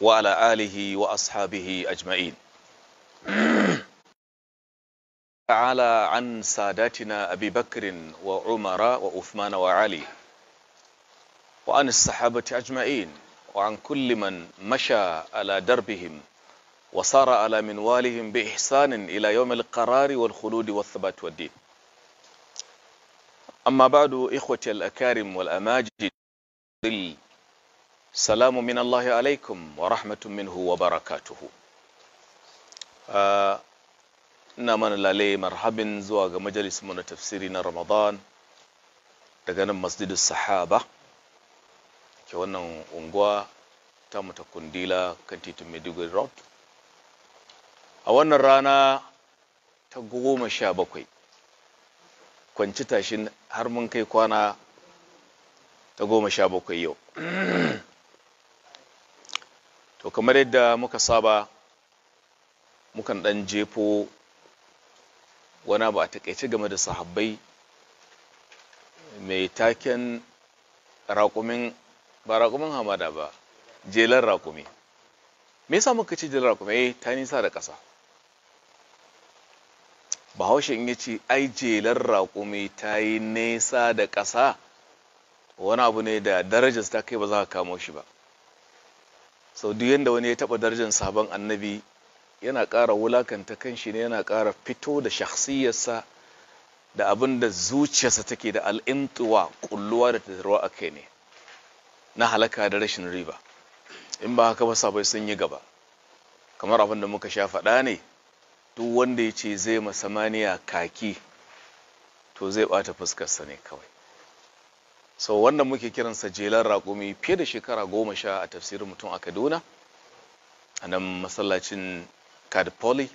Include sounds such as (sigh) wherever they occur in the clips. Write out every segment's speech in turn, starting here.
وعلى آله وأصحابه أجمعين (clears throat) تعالى عن ساداتنا أبي بكر وعمر وعثمان وعلي وعن الصحابة أجمعين وعن كل من مشى على دربهم وصار على منوالهم بإحسان إلى يوم القرار والخلود والثبات والدين أما بعد إخوتي الأكارم والأماجد salamu min Allahi alaikum wa rahmatun minhu wa barakatuhu ah, ina mana lalai marhabin zuwa ga majalisunmu na tafsiri na ramadan daga nan masjidin sahaba ke wannan unguwa ta ta kundila kan titin maiduguri road a wannan rana ta goma sha bakwai kwanci tashin har mun kai kwana ta goma sha bakwai yau (clears throat) to kamar yadda muka saba mukan ɗan jefo wani ba a takaice game da sahabbai mai taken raƙumin ba raƙumin hamada ba jelar raƙumi me yasa muka ce jelar raƙumi eh ta nisa da ƙasa bahaushe in ya ce ai jelar raƙumi ta yi nesa da ƙasa wani abu ne da darajarsa ta kai ba za ka kamo shi ba sau duk yadda wani ya taɓa darajar sabon annabi yana ƙara wulakanta kan shi ne yana ƙara fito da shakhsiyarsa da abin da zuciyarsa take da al'intuwa kulluwa da tattarwa a kai ne na halaka da rashin riba in ba haka ba sabai sun yi gaba kamar abin da muka sha faɗa ne duk wanda ya ce zai masamaniya kaki to zai ɓata fuskarsa ne kawai so wannan muke kiransa jelar raƙumi fiye da shekara goma sha a tafsirin mutum a kaduna a nan masallacin kadipoli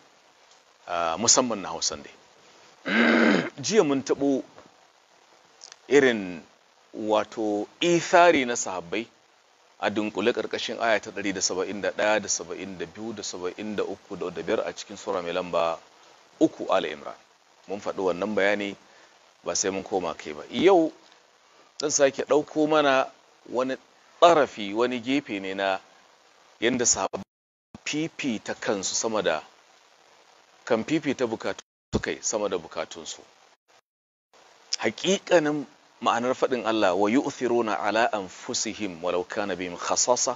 musamman na hausan dai (clears throat) jiya mun taɓo irin wato ithari na sahabbai a dunkule ƙarƙashin aya ta 171 da 72 da 73 da biyar a cikin sura mai lamba uku ala imran mun faɗi wannan bayani ba sai mun koma kai ba yau zan sake ɗauko mana wani tsarafi wani gefe ne na yadda sahabbai fifita kansu sama da kan fifita bukatunsu kai sama da bukatunsu haƙiƙanin ma'anar faɗin Allah wa yu'thiruna ala anfusihim walau kana bihim khasasa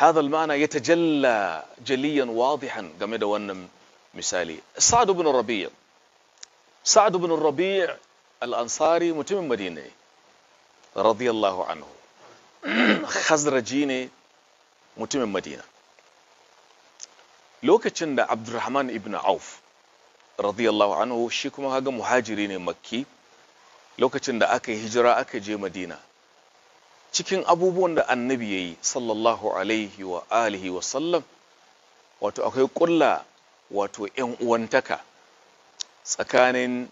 ma'ana ya يتجلى جليا واضحا game da wannan misali Sa'adu bin Rabi' Sa'adu bin Rabi' al-Ansari mutumin Madina ne radiyallahu anhu khazraji ne mutumin madina lokacin da abdurrahman ibn auf radiyallahu anhu shi kuma haga muhajiri ne makki lokacin da aka yi hijira aka je madina cikin abubuwan da annabi ya yi sallallahu alaihi wa alihi wa sallam wato akwai kulla wato yan uwantaka tsakanin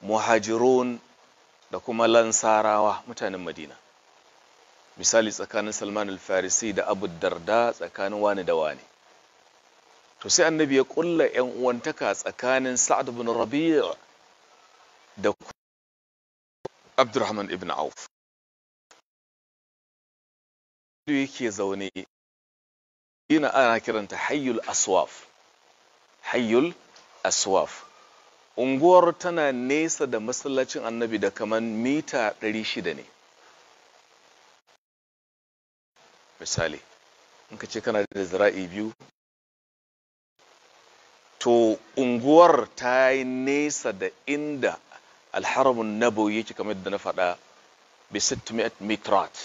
muhajirun da kuma lansarawa mutanen madina misali tsakanin salman al-farisi da abu darda tsakanin wani da wani to sai annabi ya kulla yan uwantaka tsakanin sa'ad ibn rabi' da abdurrahman ibn auf yake zaune ina ana kiranta hayyul aswaf hayyul aswaf unguwar tana nesa da masallacin annabi da kaman mita 600 ne misali in ka ce kana da zira'i biyu to unguwar ta yi nesa da inda alharamun nabo yake kamar da na faɗa bi 600 mitrat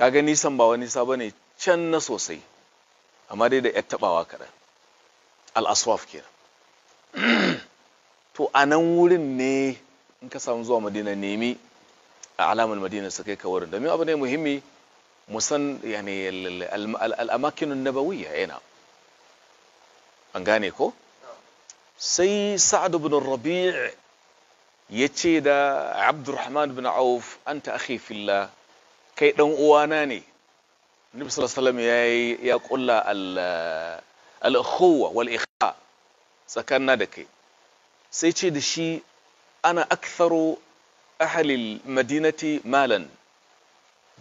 kaga nisan ba wani nisa ne can na sosai amma dai da ya tabawa kaɗan al-aswaf kenan (clears throat) to a nan wurin ne in ka samu zuwa madina nemi a alamar madina su kai ka wurin domin abu ne muhimmi musan yani al'amakinun nabawiyya yana an gane ko sai sa'adu bin rabi' ya ce da abdurrahman ibn auf anta akhi fillah kai dan uwana ne nabi salam ya kulla al al wal tsakanna da kai sai ce da shi ana aktharu ahalil madinati malan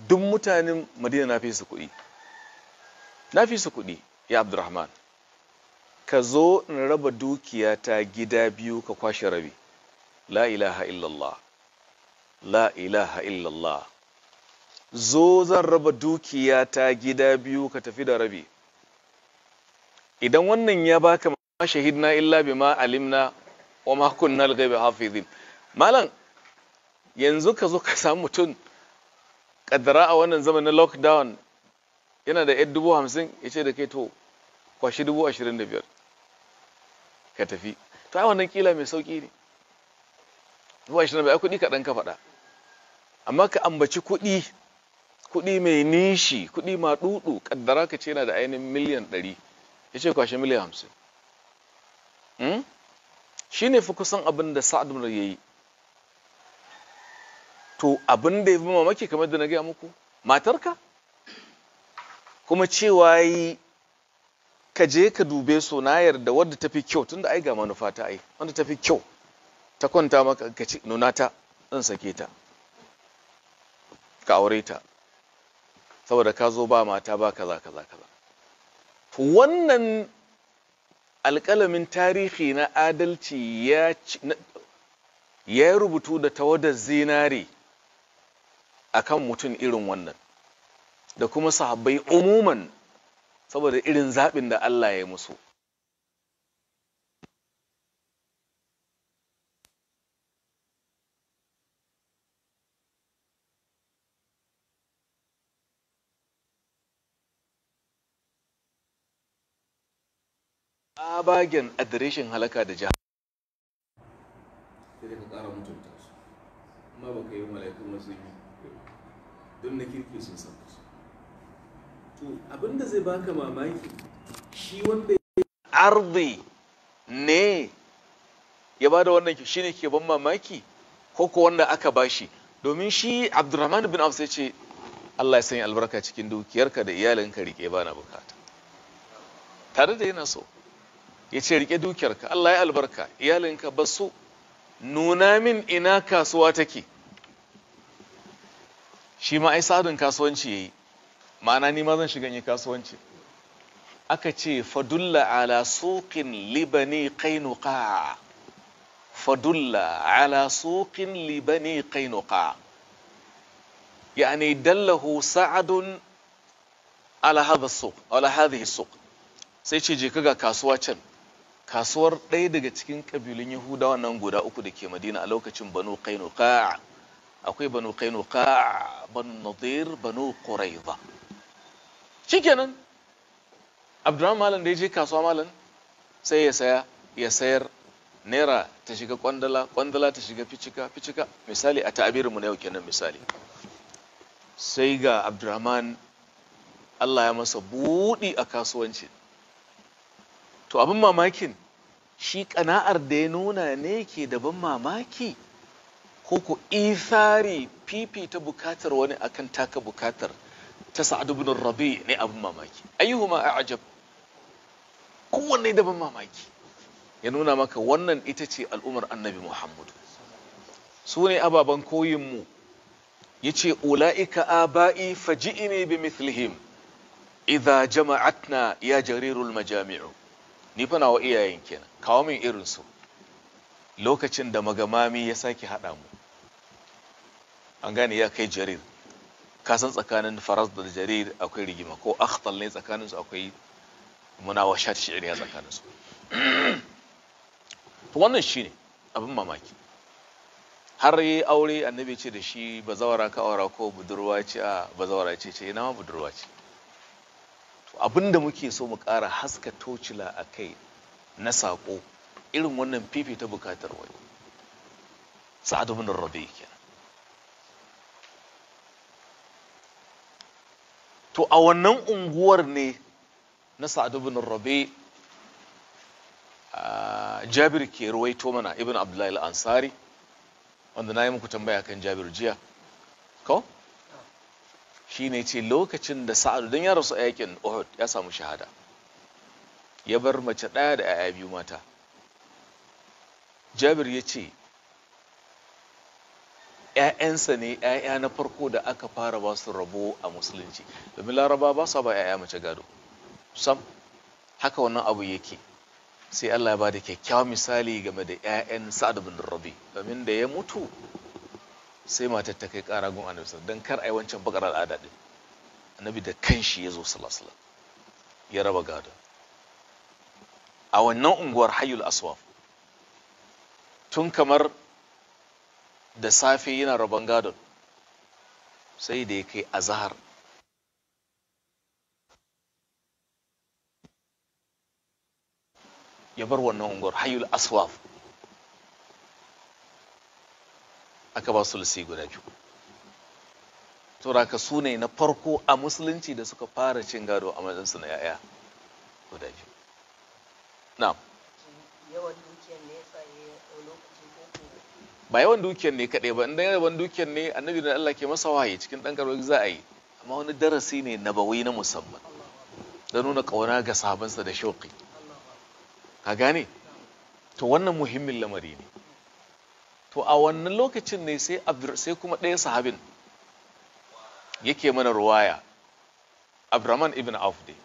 duk mutanen madina na fi su kuɗi na fi su kuɗi ya abdurrahman ka zo in raba dukiya ta gida biyu ka kwashe rabi la ilaha illallah la ilaha illallah zo zan raba dukiya ta gida biyu ka tafi da rabi idan wannan ya baka ma shahidna illa bima alimna wa ma kunna al-ghaibi hafizin malam yanzu ka zo ka samu mutum kaddara a wannan zaman na lockdown yana da 8:50 ya ce da kai to kwashi 25,000 ka tafi to ai wannan kila mai sauki ne zuwa na bai kuɗi kaɗan ka faɗa amma ka ambaci kuɗi kuɗi mai nishi kuɗi ma dudu kaddara ka ce yana da ainihin miliyan 100 ya ce kwashi miliyan hamsin. Hmm? shi ne fi kusan abin da sa'ad ya yi to abin da ya fi mamaki kamar da na gaya muku matarka kuma cewa yi ka je ka dube su na yarda wadda ta fi kyau tunda ai ga manufa ta ai wadda ta fi kyau ta kwanta maka ka ci nuna ta zan sake ta ka aure ta saboda ka zo ba mata ba kaza kaza kaza to wannan alƙalamin tarihi na adalci ya rubutu da tawadar zinare akan mutum irin wannan da kuma sahabbai umuman saboda irin zaɓin da Allah ya musu tsabagen adireshin halaka da jihar sai ka ƙara mutunta su amma ba ka yi mala'ikun masu yi don na kirki sun san su to abinda zai baka mamaki shi wanda arzi ne ya ba da wannan shi ne ke ban mamaki ko ko wanda aka bashi domin shi abdurrahman bin auf sai ce Allah ya sanya albarka cikin dukiyarka da iyalinka rike ba na bukata tare da yana so ya ce rike dukiyarka Allah ya albarka iyalinka ba su nuna min ina kasuwa take shi ma ai sadin kasuwanci yayi ma'ana ni ma zan shiga ni kasuwanci aka ce fadulla ala suqin libani qainuqa fadulla ala suqin libani qainuqa yani dallahu sa'adun ala hadha suq ala hadhihi suq sai ce je kaga kasuwa can kasuwar ɗaya daga cikin ƙabilun yahudawa nan guda uku da ke madina a lokacin banu qainuqa akwai banu qainuqa banu nadir banu quraiza shikenan abdurrahman malam da ya je kasuwa malam sai ya saya ya sayar naira ta shiga kwandala kwandala ta shiga ficika ficika misali a mu na yau kenan misali sai ga abdurrahman allah ya masa buɗi a kasuwanci to abin mamakin shi ƙana'ar da ya nuna ne ke da mamaki ko ku isari fifita bukatar wani akan taka bukatar ta sa'ad ibn rabi ne abin mamaki ayyuhuma a'jab kowanne da mamaki ya nuna maka wannan ita ce al'umar annabi muhammadu su ne ababen koyin mu yace ula'ika aba'i faji'ini bi mithlihim idza jama'atna ya jarirul majami'u ni fa nawa iyayen kenan kawo min irin su lokacin da magamami ya sake haɗa mu an gane ya kai jarir kasan san tsakanin faras da jarir akwai rigima ko akhtal ne tsakanin su akwai munawashat ya tsakanin su to wannan shine abin mamaki har yi aure annabi ce da shi bazawara ka aura ko budurwa ce a bazawara ce ce ina ma budurwa ce abinda da muke so mu ƙara haska tocila a kai na saƙo irin wannan fifita bukatar wani sa'ad bin rabi kenan to a wannan unguwar ne na sa'ad bin rabi jabir ke ruwaito mana ibn abdullahi al-ansari wanda na yi muku tambaya kan jabir jiya ko shine ce lokacin da sa'adu don ya rasu a yakin uhud ya samu shahada ya bar mace ɗaya da ya biyu mata jabir ya ce ‘ya'yansa ne ‘ya'ya na farko da aka fara ba su rabo a musulunci domin laraba ba su ba ‘ya'ya mace gado sam haka wannan abu yake sai allah ya ba da kyakkyawan misali game da ‘ya'yan sa'ad bin rabi domin da ya mutu sai matar ta kai kara gun annabi don kar a yi wancan bakar al'ada din annabi da kanshi ya zo sallallahu ya raba gadon a wannan unguwar hayyul aswaf tun kamar da safe yana raban gadon sai da ya kai azahar ya bar wannan unguwar hayyul aswaf aka ba su lissi guda biyu turaka su ne na farko a musulunci da suka fara cin gado a majalisa na yaya guda biyu na ba yawan dukiyar ne kaɗai ba inda yawan dukiyar ne annabi da Allah ke masa waye cikin ɗan karbar za a yi amma wani darasi ne na bawai na musamman da nuna ƙauna ga sahabansa da shauƙi ka gane to wannan muhimmin lamari ne to a wannan lokacin ne sai sai kuma ɗaya sahabin yake mana ruwaya abraman ibn Afdi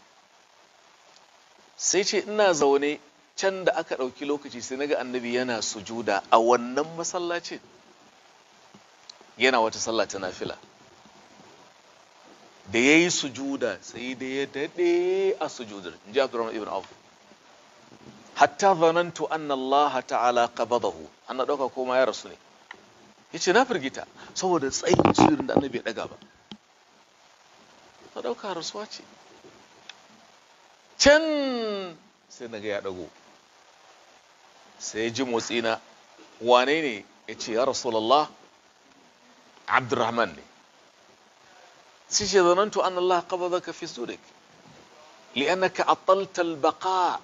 sai ce ina zaune can da aka ɗauki lokaci sai naga annabi yana sujuda a wannan masallacin yana wata sallah ta nafila da ya yi sujuda sai da ya daɗe a sujudar in ji abdurrahman ibn Afdi. hatta zanantu anna Allah ta'ala qabadahu an dauka koma ya rasu ne yace na firgita saboda tsayin sirrin da annabi ya daga ba na dauka rasuwa ce can sai naga ya dago sai ya ji motsi na wane ne yace ya rasulullah Abdurrahman ne sai ce zanantu anna Allah qabadaka fi sudik لأنك أطلت البقاء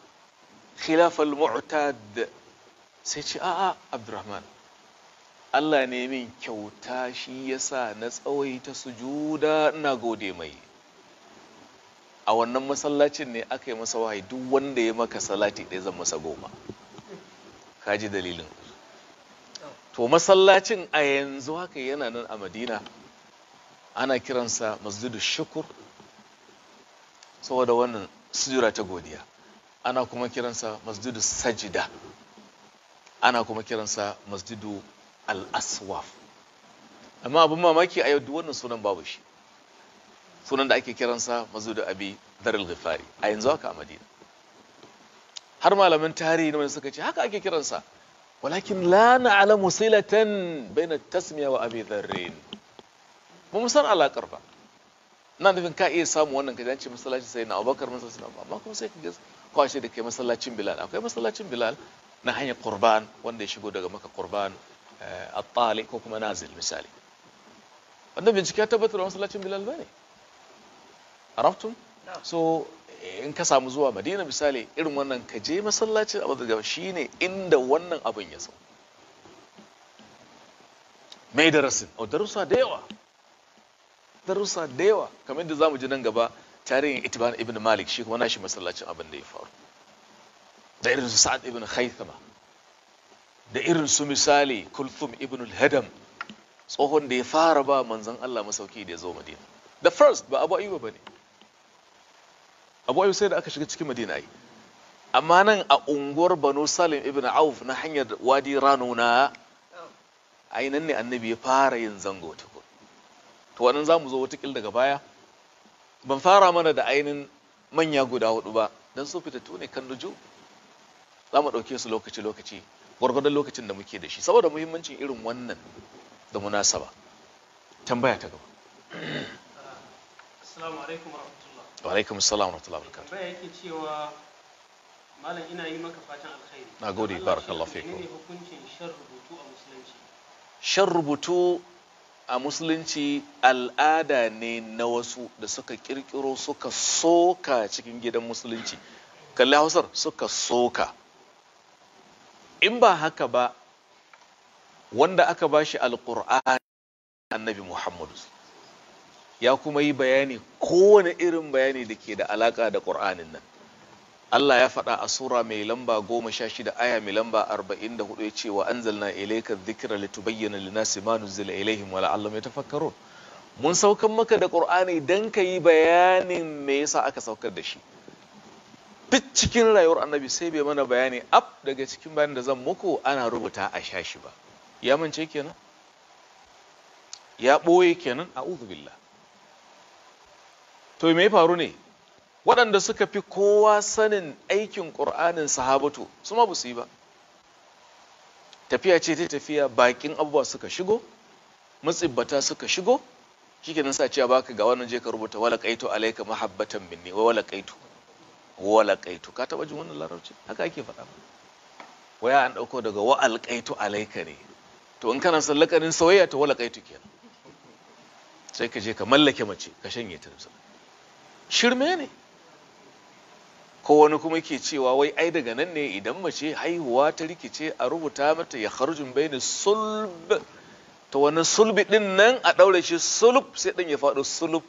خلاف المعتاد mutad sai ce a'a abdurrahman Allah ne min kyauta shi yasa na tsawaita sujuda ina gode mai a wannan masallacin ne aka yi masa wahayi duk wanda ya maka salati ɗaya zan masa goma kaji dalilin to masallacin a yanzu haka yana nan a madina ana kiransa masjidu shukur saboda wannan sujura ta godiya ana kuma kiransa masjidu sajida ana kuma kiransa masjidu al-aswaf amma abin mamaki a yau wannan sunan babu shi sunan da ake kiransa masjidu abi darul ghifari a yanzu haka a madina har malaman tarihi ne suka ce haka ake kiransa walakin la na'lamu silatan bayna tasmiya wa abi dharrin mu san alakar ba ina nufin ka iya samu wannan an ce masallaci sai na abubakar masallaci amma kuma sai ka kwashe da kai masallacin bilal akwai masallacin bilal na hanyar kurban wanda ya shigo daga maka kurban eh, a tsali ko kuma nazil misali wanda bincike ya tabbatar da masallacin bilal ba bane araftum so eh, in ka samu zuwa madina misali irin wannan ka je masallacin abu daga ne inda wannan abin ya sau mai darasin o oh, darusa da yawa darussa da yawa kamar yadda zamu ji nan gaba tarihin itban ibn malik shi kuma nashi masallacin abin da ya faru da irin su sa'ad ibn haithama da irin su misali kulthum ibn al-hadam tsohon da ya fara ba manzon Allah masauki da ya zo madina the first ba abu ayyuba bane abu ayyuba sai da aka shiga cikin madina ai amma nan a unguwar banu salim ibn auf na hanyar wadi rano na ainihin ne annabi ya fara yin zango tukun to wannan za mu zo watakil daga baya ban fara mana da ainin manya guda hudu ba don sun fitattu ne kan nuju za mu ɗauke su lokaci-lokaci gwargwadon lokacin da muke da shi saboda muhimmancin irin wannan da munasaba tambaya ta gaba assalamu alaikum warahmatullah wa alaikum assalam warahmatullah barakatuh tambaya yake cewa malam ina yi maka fatan alkhairi nagode barakallahu fiku ne hukuncin shan rubutu a musulunci shan rubutu a musulunci al'ada ne na wasu da suka kirkiro suka soka cikin gidan musulunci kalli hausar suka soka in ba haka ba wanda aka ba shi alƙur'ani annabi muhammadu ya kuma yi bayani kowane irin bayani da ke da alaƙa da ƙur'anin nan Allah ya faɗa a sura mai lamba goma sha shida aya mai lamba arba'in da hudu ya ce wa anzalna ilaika tubayyana litubayyana nasi ma nuzila ilaihim Allah la'allahum yatafakkarun mun saukan maka da qur'ani dan ka yi bayanin me yasa aka saukar da shi duk cikin rayuwar annabi sai bai mana bayani ab daga cikin bayanin da zan muku ana rubuta a shashi ba ya mance kenan ya ɓoye kenan a'udhu billah to me faru ne waɗanda suka fi kowa sanin aikin ƙur'anin sahabatu su ma busu yi ba tafiya ce ta tafiya bakin abubuwa suka shigo matsibbata suka shigo shike nan sa cewa baka ga wannan je ka rubuta wala kaito alaika mahabbatan minni wa wala kaito wala kaito ka taba jin wannan larabci haka ake faɗa waya an ɗauko daga wa alkaito alaika ne to in kana son lakarin soyayya to wala kaito kenan sai ka je ka mallake mace ka shanye ta shirme ne ko wani kuma ke cewa wai ai daga nan ne idan mace haihuwa ta rikice a rubuta mata ya bai ne sulb ta wani sulbi din nan a ɗaure shi sulb sai ɗan ya faɗo sulb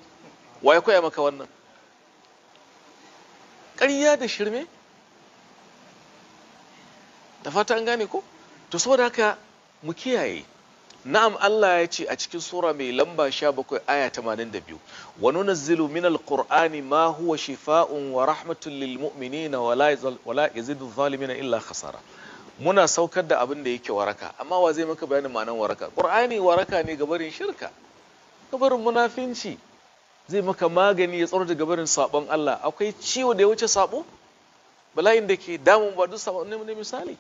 wai koya maka wannan ƙarya da shirme da fata an gane ko to saboda haka mu kiyaye na'am Allah ya ce a cikin sura mai lamba 17 aya 82 wa nunazzilu min alqur'ani ma huwa shifa'un wa rahmatun lil mu'minina wa la yazidu zalimina illa khasara muna saukar da abin da yake waraka amma wa zai maka bayanin ma'anar waraka qur'ani waraka ne gabarin shirka gabarin munafinci zai maka magani ya tsaro da gabarin sabon Allah akwai ciwo da ya wuce sabo bala'in da ke damun ba duk sabon ne misali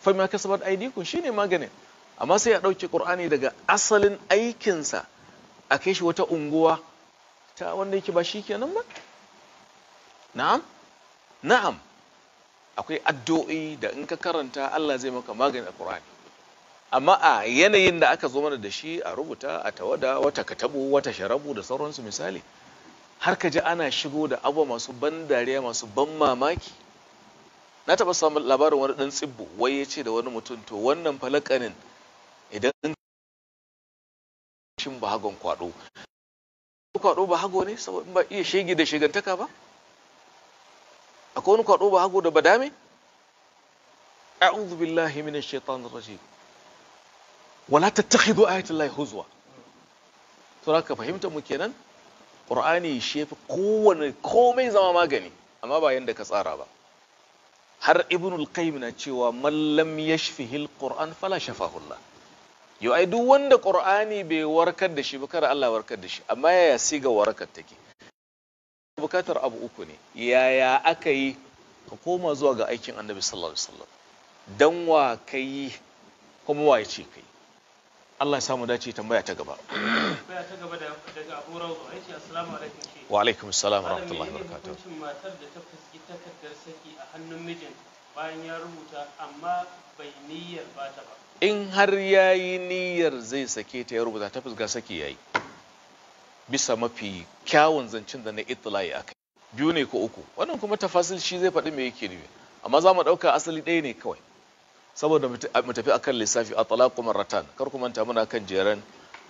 fa ma kasabat aidikum shine maganin amma sai ya ɗauki ƙur'ani daga asalin aikinsa a kai shi wata unguwa ta wanda yake ba shi kenan ba na'am na'am akwai addu'o'i da in ka karanta Allah zai maka magani a ƙur'ani amma a yanayin da aka zo mana da shi a rubuta a tawada wata katabu wata sharabu da sauransu misali har ka ji ana shigo da abu masu ban dariya masu ban mamaki na taɓa samun labarin wani ɗan tsibbu wai ya ce da wani mutum to wannan falakanin idan shin ba hagon kwado kwado ba hago ne saboda ba iya shege da shegantaka ba akwai wani kwado ba hago da ba dame a'udhu billahi minash shaitanir rajim wala tattakhidhu ayatullahi huzwa to raka fahimta mu kenan qur'ani shefi kowane komai zama magani amma ba yanda ka tsara ba har ibnul qayyim na cewa man lam yashfihi fala shafahullah yau ai duk wanda qur'ani bai warkar da shi ba kada Allah warkar da shi amma yaya siga warkar take bukatar abu uku ne yaya aka yi ka koma zuwa ga aikin annabi sallallahu alaihi wasallam dan wa kai kuma wa ce kai Allah ya samu dace tambaya ta gaba tambaya ta gaba daga Abu Rawdu aiki assalamu alaikum wa alaikum assalam wa rahmatullahi wa barakatuh mutum matar da ta fuski takardar saki a hannun mijin bayan ya rubuta amma bai niyyar ba ta ba in har ya yi niyyar zai sake ta ya rubuta ta fuska sake ya yi bisa mafi kyawun zancen da na itilayi a kai biyu ne ko uku wannan kuma tafasil shi zai faɗi me yake ne amma za mu ɗauka asali ɗaya ne kawai saboda mu tafi akan lissafi a talaku maratan kar ku manta muna kan jeren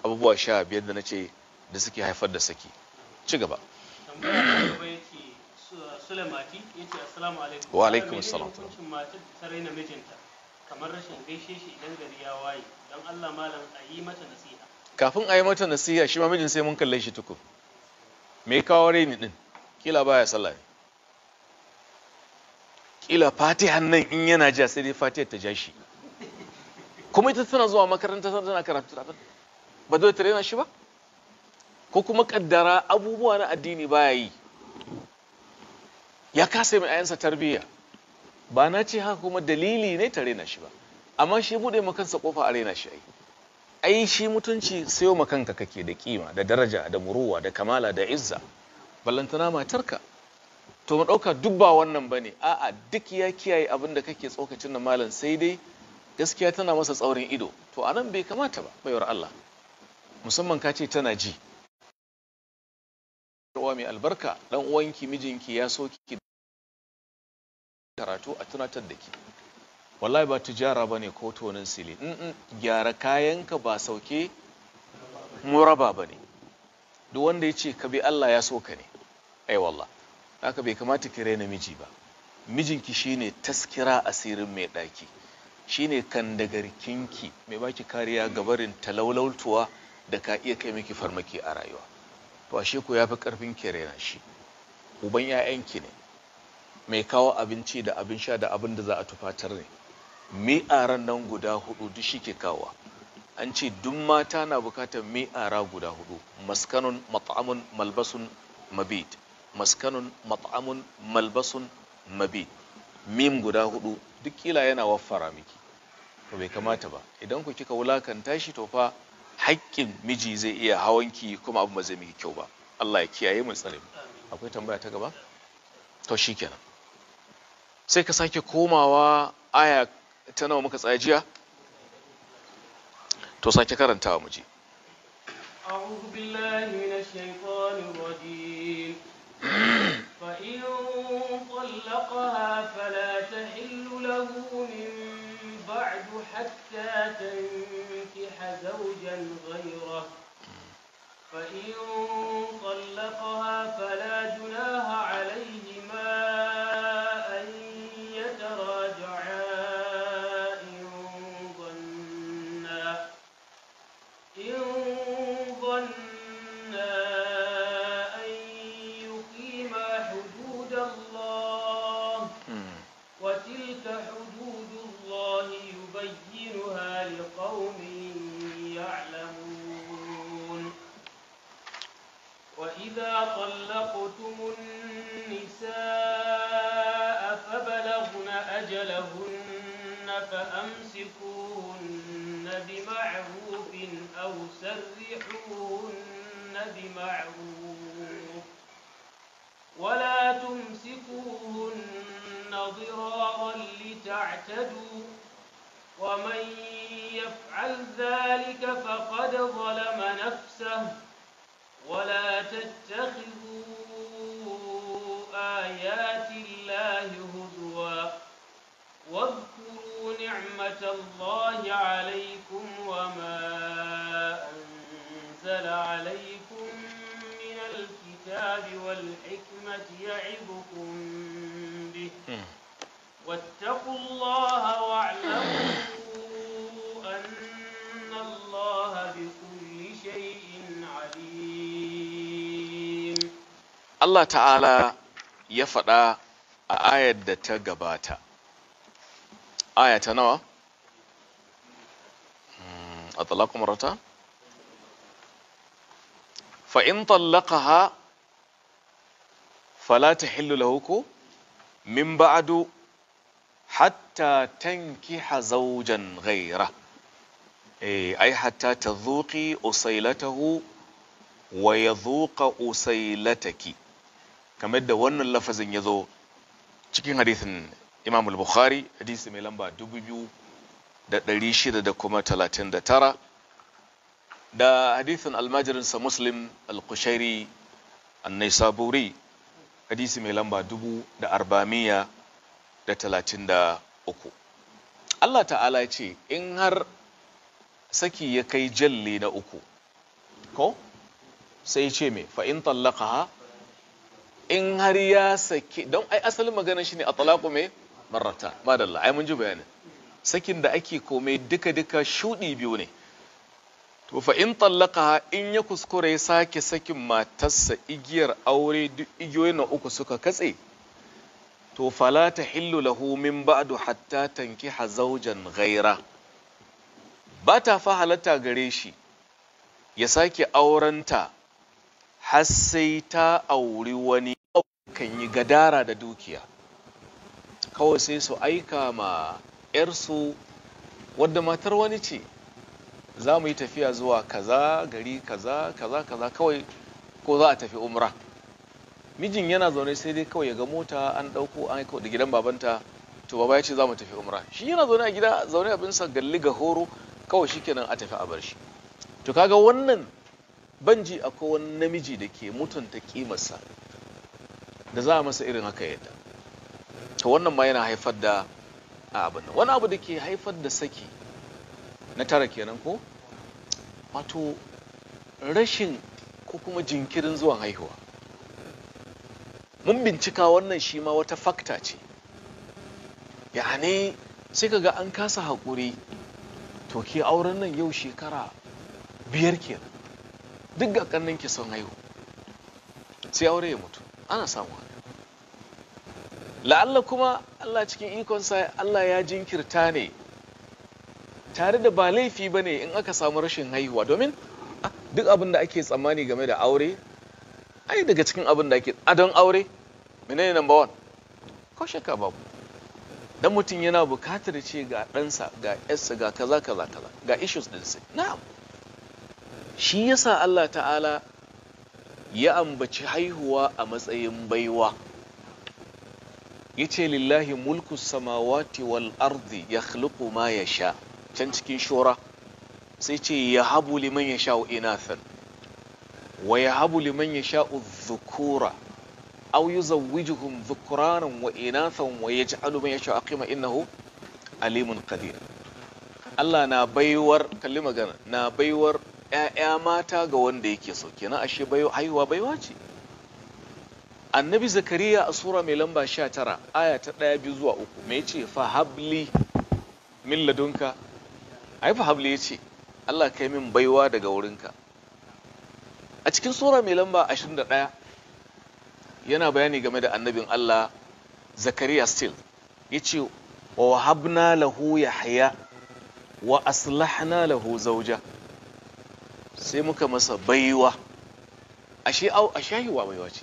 abubuwa sha biyar da na ce da suke haifar da saki ci gaba wa alaikum salam kamar rashin gaishe shi idan gari ya waye don Allah malam a yi mata nasiha kafin a yi mata nasiha shi ma mijin sai mun kalle shi tukun me kawo ni din kila baya sallah ne kila fatihan nan in yana ja sai dai fatihar ta ja shi kuma ita tana zuwa makaranta tana karatu ba dole ta raina shi ba ko kuma kaddara abubuwa na addini baya yi ya kasa mai ayansa tarbiyya ba na ce haka kuma dalili ne tare na shi ba amma shi buɗe kansa kofa a rena shi ai ai shi mutunci sayo ma kanka kake da kima da daraja da muruwa da kamala da izza ballantana matarka to mu ɗauka duk ba wannan ba ne a'a duk ya kiyaye abin da kake tsokacin da malam sai dai gaskiya tana masa tsaurin ido to anan bai kamata ba baiwar Allah musamman ka ce tana ji uwa mai albarka dan uwanki mijinki ya soki karatu a tunatar da ke wallahi ba tijara ba ne ko tonin sile gyara kayanka ba sauke muraba ba ne duk wanda ya ce ka bi Allah ya so ka ne ai wallah haka bai kamata ki namiji miji ba mijinki shine taskira asirin mai ɗaki shine kandagarkinki mai baki kariya ga barin talaulautuwa da ka iya kai miki farmaki a rayuwa to ashe ko yafi karfin ki shi uban 'ya'yanki ne mai kawo abinci da abin sha da abin da za a tufatar ne mi'aran nan guda hudu duk shi ke kawo an ce duk mata na bukatar mi'ara guda hudu maskanun mat'amun malbasun mabit maskanun mat'amun malbasun mabit mim guda hudu duk kila yana waffara miki to bai kamata ba idan ku kika wulakanta shi to fa haƙƙin miji zai iya hawanki kuma abu ba zai miki kyau ba Allah ya kiyaye mu tsare akwai tambaya ta gaba to shikenan sai ka sake komawa aya ta nawa muka tsaya jiya to sake karantawa mu je أعوذ بالله من الشيطان الرجيم (clears throat) فإن طلقها فلا تحل له من بعد حتى تنكح زوجا غيره (clears throat) فإن طلقها فلا جناح عليه بمعروف ولا تمسكوهن ضرارا لتعتدوا ومن يفعل ذلك فقد ظلم نفسه ولا تتخذوا آيات الله هدوا واذكروا نعمة الله عليكم وما أنزل عليكم الكتاب والحكمة يعظكم به واتقوا الله واعلموا أن الله بكل شيء عليم الله تعالى يفرأ آية تقباتا آية نوى أطلقوا مرتان فإن طلقها fala ta lahu ko min ba'adu. hatta tankiha zaujan gaira. eh ai hatta tadhuqi usailatahu wa yadhuqa usailataki kamar da wannan lafazin ya cikin hadithin imam al-bukhari hadisi mai lamba 2639 da kuma talatin da hadithin almajirinsa muslim al qushairi an-naisaburi hadisi mai lamba dubu da arbamiya da talatin da uku Allah ta'ala ce in har saki ya kai jalle na uku ko sai ce me fa'in tallaka ha? in har ya saki don ai asalin magana shine a talaku me marata madalla ai mun ji bayanin sakin da ake komai duka-duka shudi biyu ne to fa in tallaqaha in ya kuskure ya sake sakin matarsa igiyar aure duk igiyoyi na uku suka katse to fala ta lahu min ba'du hatta tankiha zawjan ghaira ba ta fa halatta gare shi ya sake aurenta har sai ta auri wani kan yi gadara da dukiya kawai sai su aika ma 'yarsu wadda matar wani ce za mu yi tafiya zuwa kaza gari kaza kaza kaza kawai ko za a tafi umra mijin yana zaune sai dai kawai ya ga mota an ɗauko an aiko da gidan babanta to baba ya ce za mu tafi umra shi yana zaune a gida zaune abinsa galli ga horo kawai shikenan a tafi a bar shi to kaga wannan banji akwai wani namiji da ke mutunta kimarsa da za a masa irin haka yadda to wannan ma yana haifar da abin wani abu da ke haifar da saki na tara kenan ko wato rashin ko kuma jinkirin zuwan haihuwa mun bincika wannan shi ma wata fakta ce ne sai ga an kasa haƙuri to ke auren nan yau shekara biyar kenan duk ga kannan ki son haihu sai aure ya mutu ana samu la'alla kuma Allah cikin ikonsa Allah ya jinkirta ne tare da ba laifi ba ne in aka samu rashin haihuwa domin ah, duk abin da ake tsammani game da aure ai daga cikin abin da ake adon aure menene number one ko shakka babu dan mutum yana bukatar ce ga ɗansa ga yarsa ga kaza kaza kaza ga issues din sai na'am shi yasa Allah ta'ala ya ambaci haihuwa a matsayin baiwa yace lillahi mulku samawati wal ardi yakhluqu ma yasha' can cikin shora sai ce ya habu liman ya sha'u inathan wa ya habu liman ya sha'u dhukura aw yuzawwijuhum dhukranan wa inathan wa ya yaj'alu man shau aqima innahu alimun kadir Allah na baiwar kalli magana na baiwar ‘ya'ya mata ga wanda yake so kenan ashe haihuwa baiwa ce annabi zakariya a sura mai lamba 19 aya ta 1 biyu zuwa uku mai ce fa habli min ladunka ai fahabli ya ce Allah kai min baiwa daga wurinka a cikin sura mai lamba 21 yana bayani game da annabin Allah Zakariya still ya ce wa wahabna lahu yahya wa aslahna lahu zauja sai muka masa baiwa A au baiwa ce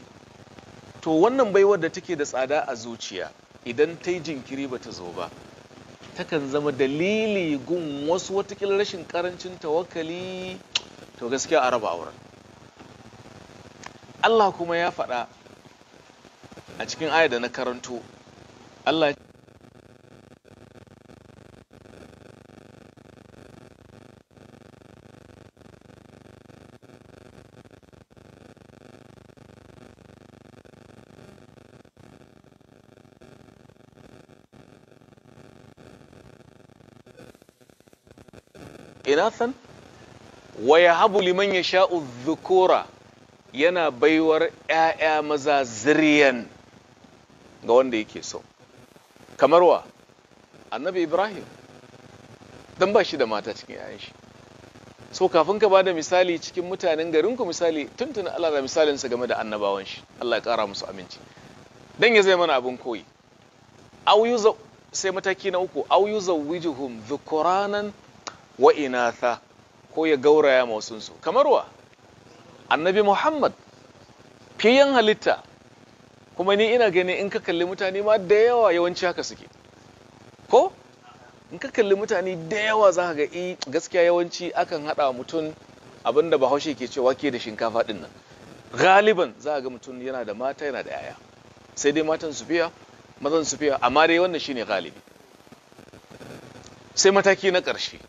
to wannan baiwar da take da tsada a zuciya idan ta yi jinkiri ba ta zo ba takan zama dalili gun wasu watakila rashin karancin tawakkali to gaskiya a raba auren Allah kuma ya faɗa a cikin aya da na karanto Allah inathan wa yahabu liman yasha'u dhukura yana baiwar ƴaƴa maza ziriyan ga wanda yake so kamar wa annabi ibrahim don ba shi da mata cikin ‘ya'yan shi so kafin ka ba da misali cikin mutanen garin ku misali tuntuna Allah da misalinsa game da annabawan shi Allah ya kara musu aminci dan ya zai mana abin koyi sai mataki na uku au yuza wujuhum dhukuranan wa'inata inatha ko ya gauraya masunsu kamar wa annabi muhammad fiyan halitta kuma ni ina gani in ka kalli mutane ma da yawa yawanci haka suke ko in ka kalli mutane da yawa za ka ga i eh, gaskiya yawanci akan haɗa mutum abinda bahaushe ke cewa ke da shinkafa ɗin nan galiban za ka ga mutum yana da mata yana da yaya sai dai matan su fiya mazan su fiya amma dai wannan shine galibi sai mataki na ƙarshe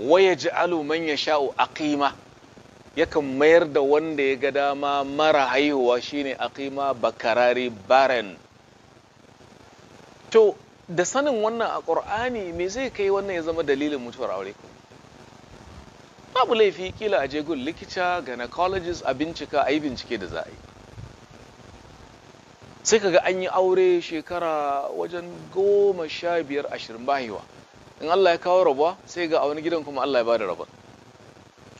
waya ji man ya sha'u aqima yakan mayar da wanda ya ga dama mara haihuwa shine aqima bakarari baran to da sanin wannan a ƙur'ani me zai kai wannan ya zama dalilin mutuwar aure babu laifi kila a likita gun likita gynecologist a bincika a yi bincike da za a yi sai kaga an yi aure shekara wajen goma sha biyar ashirin bahewa in Allah ya kawo rabuwa sai ga a wani gidan kuma Allah ya bada rabon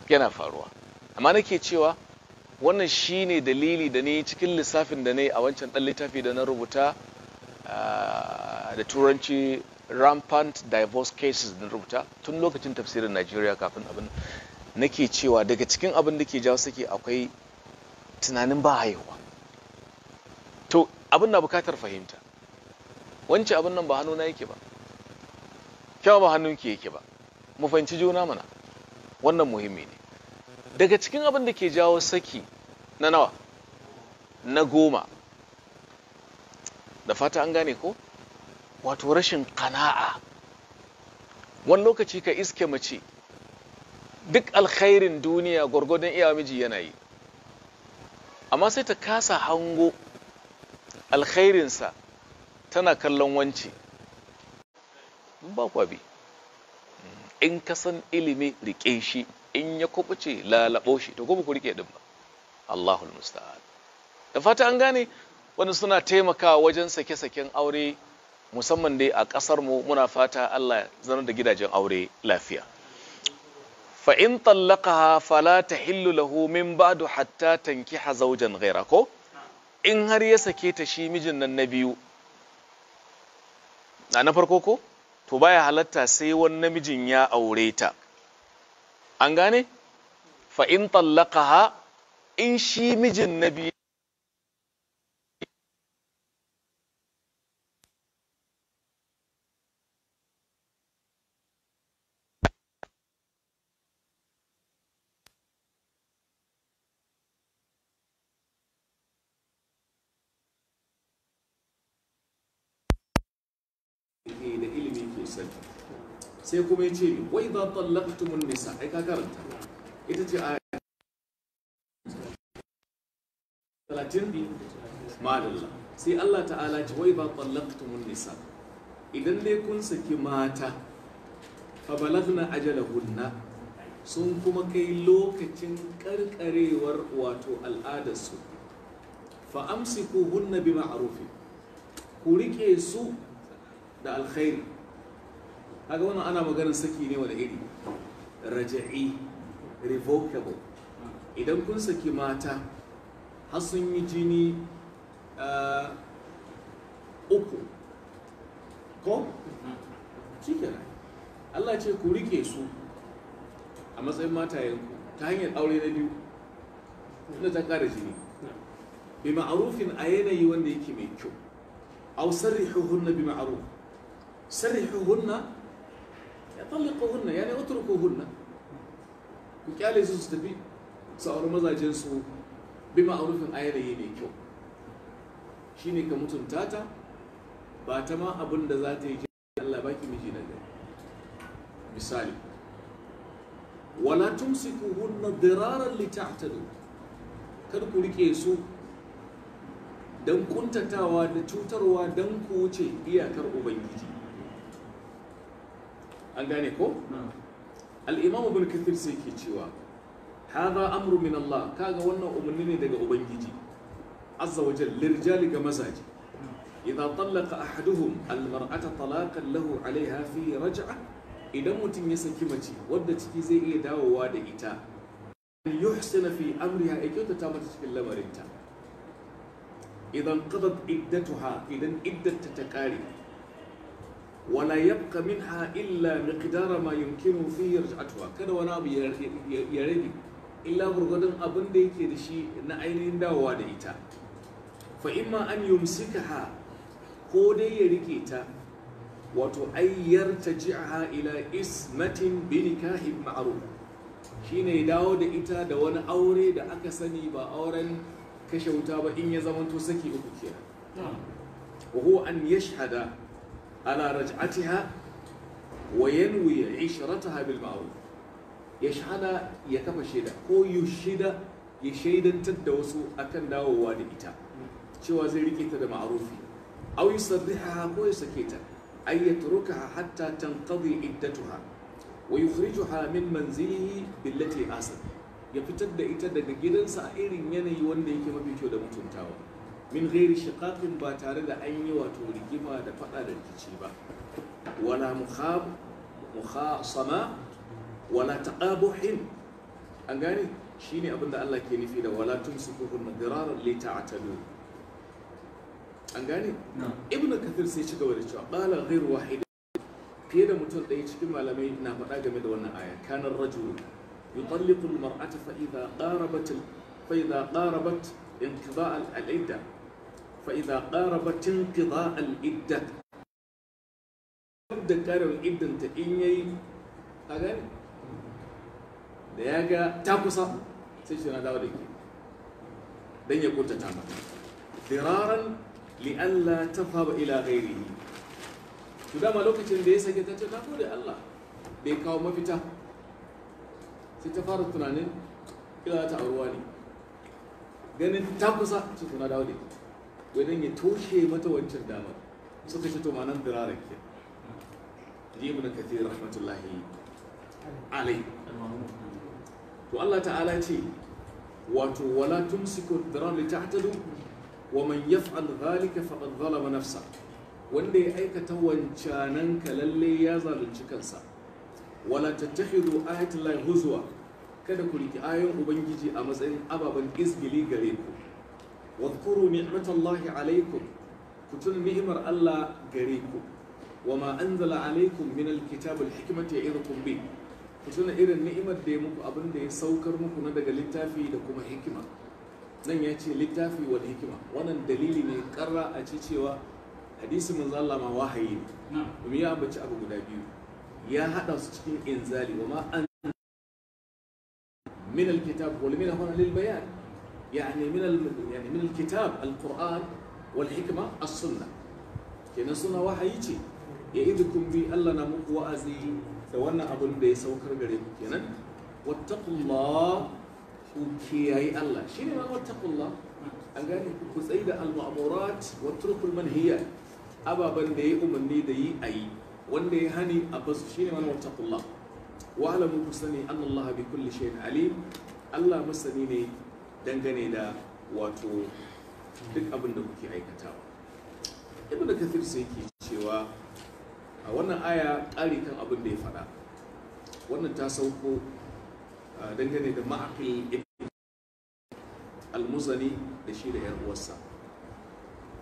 yana faruwa amma nake cewa wannan shine dalili da ni cikin lissafin da ne a wancan ɗan littafi da na rubuta ah, da turanci rampant divorce cases da rubuta tun lokacin tafsirin Najeriya kafin abin nake cewa daga cikin abin da ke jawo sake akwai tunanin ba haihuwa to abin na bukatar fahimta wancan abin nan ba hannuna yake ba kyawa ba hannunki yake ba mu fahimci juna mana wannan muhimmi ne daga cikin abin da ke jawo saki na nawa na goma da fata an gane ko wato rashin kana'a wani lokaci ka iske mace duk alkhairin duniya gwargwadon iya miji yana yi amma sai ta kasa hango alkhairinsa tana kallon wance. ba kwabi in ka san ilimi rike shi in ya kubuce lalabo shi to kuma ku rike din ba Allahul musta'an da fata an gane wani suna taimaka wajen sake-saken aure musamman dai a ƙasar mu muna fata Allah zanar da gidajen aure lafiya fa in tallaqaha fala tahillu lahu min ba'du hatta tankiha zawjan ghayra ko in har ya sake ta shi mijin nan na biyu na na farko ko to baya halatta sai wani namijin ya aure ta an gane fa in ha in shi mijin na biyu sai kuma ya ce mi wai za tallaqtumun nisa ai ka karanta ita ce a 30 madalla sai Allah ta'ala ce wai za tallaqtumun nisa idan ne kun saki mata fa balagna ajalahunna sun kuma kai lokacin karkarewar wato al'adarsu fa amsikuhunna bi ma'ruf ku rike su da alkhairi kaga wannan ana maganar saki ne wani iri raja'i revocable idan kun saki mata har sun yi jini eh, uku ko shikenan Allah ce ku rike su a matsayin matayenku ta hanyar aure na biyu inda ta ƙara jini bi ma'arufin a yanayi wanda yake mai kyau au sarrihuhunna bi ma'aruf sarrihuhunna طلقوهن يعني اتركوهن ku kyale su su tafi su auri mazajen su bi ma'arufin a yanayi mai kyau ne ka mutunta ta ba ta ma abin da za ta yi Allah baki miji na gari misali wala tumsikuhunna diraran li ta'tadu kar ku rike su don kuntatawa da cutarwa don ku wuce iyakar ubangiji an gane ko imam ibn sai ke cewa hadha amru min Allah kaga wannan umarni ne daga ubangiji azza wajen jalla lirjali ga mazaji idan tallaka ahaduhum al-mar'ata talaqan lahu alaiha fi raja'a idan mutum ya saki mace wadda ciki zai iya dawowa da ita yuhsina fi amriha ya kyautata mata cikin lamarinta idan qadat iddatuha idan iddata ta kare wala yabqa minha illa miqdara ma yumkinu fihi raj'atuha kada wani abu ya rabi illa gurgudun abin da yake da shi na ainihin dawowa da ita fa imma an yumsikaha ko dai ya rike ta wato ayyar jiha ila ismatin bi nikahin ma'ruf shine ya dawo da ita da wani aure da aka sani ba auren kashe wuta ba in ya zamanto saki uku kenan wa huwa an yashhada على رجعتها وينوي عشرتها بالمعروف يشهد يكفى شيدا كو يشهد يشهد تدوسو أكن داو وادي إتا شو زي ركيتا دا معروفي أو يصرحها كو يسكيتا أن يتركها حتى تنقضي عدتها ويخرجها من منزله بالتي آسد يفتد إتا دا جدا سائر يني وندي كما بيكيو دا متنتاوه min ghairi shiqaqin ba tare da an yi wato rigima da fada da rikici ba wala mukhab mukhasama wala taqabuhin an gane shine abinda Allah ke nufi da wala tumsikuhun dirar li ta'tadu an gane ibnu kathir sai ci gaba da cewa qala ghair wahid fiye da mutum ɗaya cikin malamai na faɗa game da wannan aya kanar rajulu yutalliqu al-mar'ata fa idha qarabat fa idha qarabat انقضاء العدة فإذا قاربت انقضاء العدة da karin iddanta in yayi a gani da ya ga ta kusa sai shi na dawo da ke don ya li'alla ta ila dama lokacin da ya sake ta ce na gode Allah bai kawo mafita sai ta fara tunanin kila ta auruwa ne ganin ta kusa su tuna dawo da ke wani ya toshe mata wancan damar suka ce to manan dirarar ke ji ibn kathir rahmatullahi alai to Allah ta'ala ce wato wala tumsiku dirar li tahtadu wa man yaf'al dhalika faqad zalama nafsa wanda ya aikata wancanan ka lalle ya zalunci kansa wala tattakhidu ayatullahi huzwa kada ku riki ayoyin ubangiji a matsayin ababen izgili gare ku wadhkuru ni'matallahi alaikum ku tun ni'imar Allah gare ku wa ma anzala alaikum min alkitab alhikmati ya'idukum bi ku tuna irin ni'imar da ya muku abin da ya saukar muku na daga littafi da kuma hikima nan ya ce littafi wal hikima wannan dalili ne karra a ce cewa hadisi manzo Allah ma wahayi ne domin abu guda biyu ya cikin inzali wa ma an min يعني من يعني من الكتاب القرآن والحكمة السنة kenan suna wahayi ce ya kun bi Allah na muku wa'azi da wannan abun da ya saukar gare ku kenan wattaqullah ku kiyaye Allah shine ma wattaqullah an gane ku da al-ma'murat wa turkul manhiya ababan da ya umarni da yi ayi wanda ya hani a basu shine ma wattaqullah wa ku sani Allah bi Allah ne dangane da wato duk abin da kuke aikatawa ibn kafir sai ke cewa a wannan aya ƙari kan abin da ya faɗa wannan ta sauko dangane da ma'aqil al-muzani da shi da 'yar uwarsa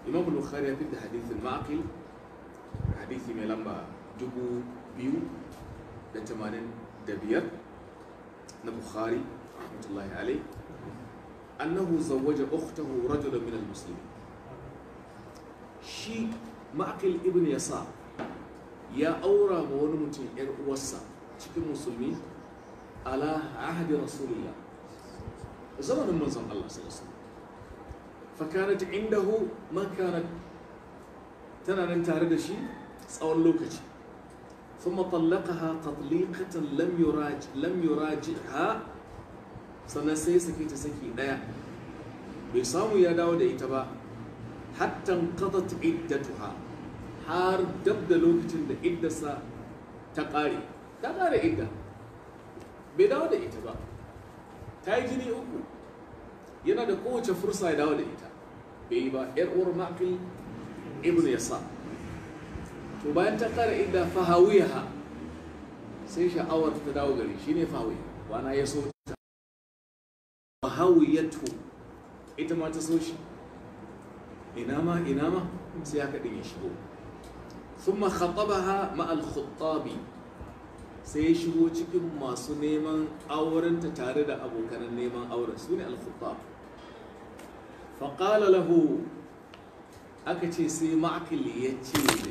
imam bukhari ya fitta hadithin ma'aqil hadithi mai lamba dubu biyu da tamanin da biyar na bukhari rahmatullahi alaihi أنه زوج أخته رجلا من المسلمين شي معقل ابن يسار يا أورا مونمت إر وسا شيء مسلمين على عهد رسول الله زمن من زمن الله صلى الله عليه وسلم فكانت عنده ما كانت ترى أنت تعرض شيء أو شيء. ثم طلقها تطليقة لم يراج لم يراجعها sannan sai sake ta saki daya bai samu ya dawo da ita ba hatta qadat iddatuha har dab da lokacin da iddarsa ta kare ta kare idda bai dawo da ita ba ta yi jini uku yana da kowace fursa ya dawo da ita bai yi ba yar uwar ma'akil ibn yasa to bayan ta kare idda fahawiyaha sai sha'awar ta dawo gari shine fahawiya wana ya so ta hawiyatu ita ma ta so shi ina ma ina ma sai haka din ya shigo thumma khatabaha ma al khuttabi sai ya shigo cikin masu neman aurenta tare da abokanan neman auren su ne al khuttab faqala lahu aka ce sai ma'akil ya ce da shi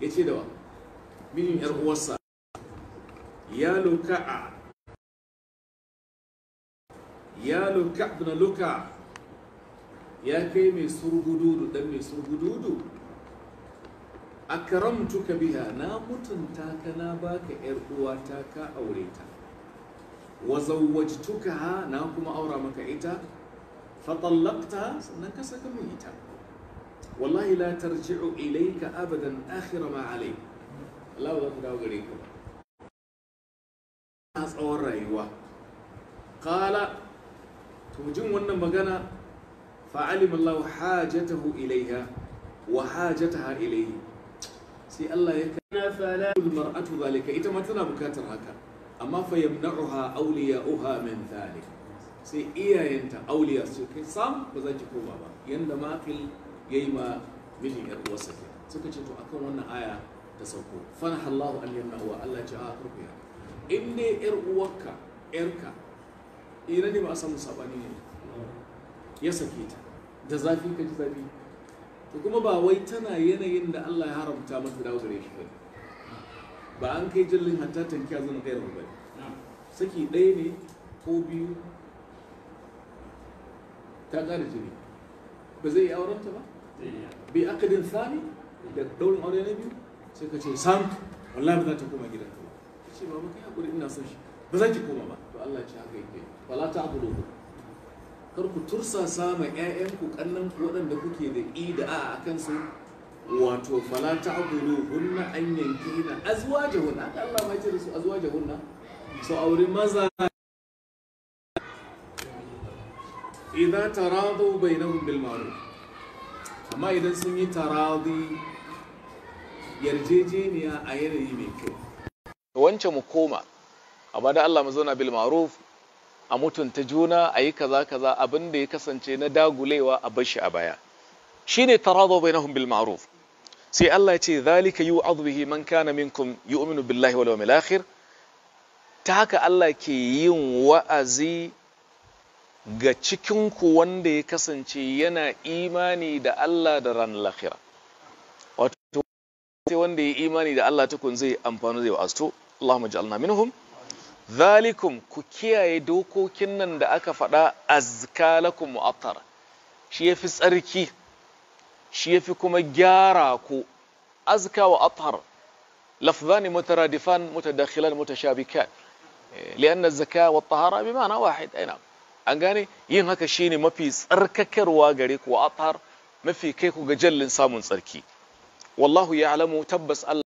ya ce da wa min yar uwarsa ya luka'a ya luka na luka ya kai mai surgududu dan mai surgududu akramtuka biha na mutunta ka na baka yar uwata ka aure ta wa zawwajtuka na kuma aura maka ita fa tallaqta sannan ka saka min ita wallahi la tarji'u ilayka abadan akhir ma alayk Allah ba dawo gare ka a tsawon rayuwa kala to jin wannan magana fa'alim Allah hajatahu ilaiha wa hajataha ilaihi sai Allah ya kana falal mar'atu zalika ita ma tana bukatar haka amma fa yamna'uha uha min thalik sai iyayenta auliya su kai sam ba za ki koma ba yanda maqil yayi ma mijin yar uwarsa suka ce to akan wannan aya ta sauko fana Allahu an yamna'uha Allah ya ce a kurkuya in ne yar uwarka yarka ina eh, ne ba a samun sabani ne ya sake ta da zafi ka ji zafi to kuma ba wai tana yanayin da Allah ya haramta mata dawo gare shi bane ba an kai jillin hatta tankiya zan kai rabu bane saki ɗaya ne ko biyu ta ƙara jini ba zai yi aurenta ba bai akadin sami da daurin aure na biyu sai ka ce sam wallahi ba za ta koma gidan ba ce ba kai hakuri ina son shi ba za ki koma ba to Allah ya ci haka yake Fala ta ku kar ku tursasa ma 'ya'yanku kannan waɗanda kuke da i da a a su wato fala ta abulu hunna an yanke na azwaje hunna haka Allah ma ce da su azwaje hunna su aure maza idan taradu bainahum bil ma'ruf amma idan sun yi taradi yarjejeniya a yanayi mai kyau wancan mu koma amma da Allah mu zauna bil ma'ruf a mutunta juna a yi kaza kaza abin da ya kasance na dagulewa a bar shi a baya ne taradu bainahum bil ma'ruf sai Allah ya ce zalika yi bihi man kana minkum yu'minu billahi wal yawmil akhir ta haka Allah ke yin wa'azi ga cikinku wanda ya kasance yana imani da Allah da ran lahira wato wanda ya imani da Allah tukun zai amfano zai wa'azto Allahumma ij'alna minhum zalikum ku kiyaye dokokin nan da aka faɗa azka lakum atar shi ya fi tsarki shi ya fi kuma gyara ku azka wa athar lafzani mutaradifan mutadakhilan mutashabikan eh, lian az-zaka wa at-tahara bima'na wahid aina an gane yin haka shine mafi tsarkakarwa gare ku wa athar mafi kai ku ga jallin samun tsarki wallahu ya'lamu tabbas Allah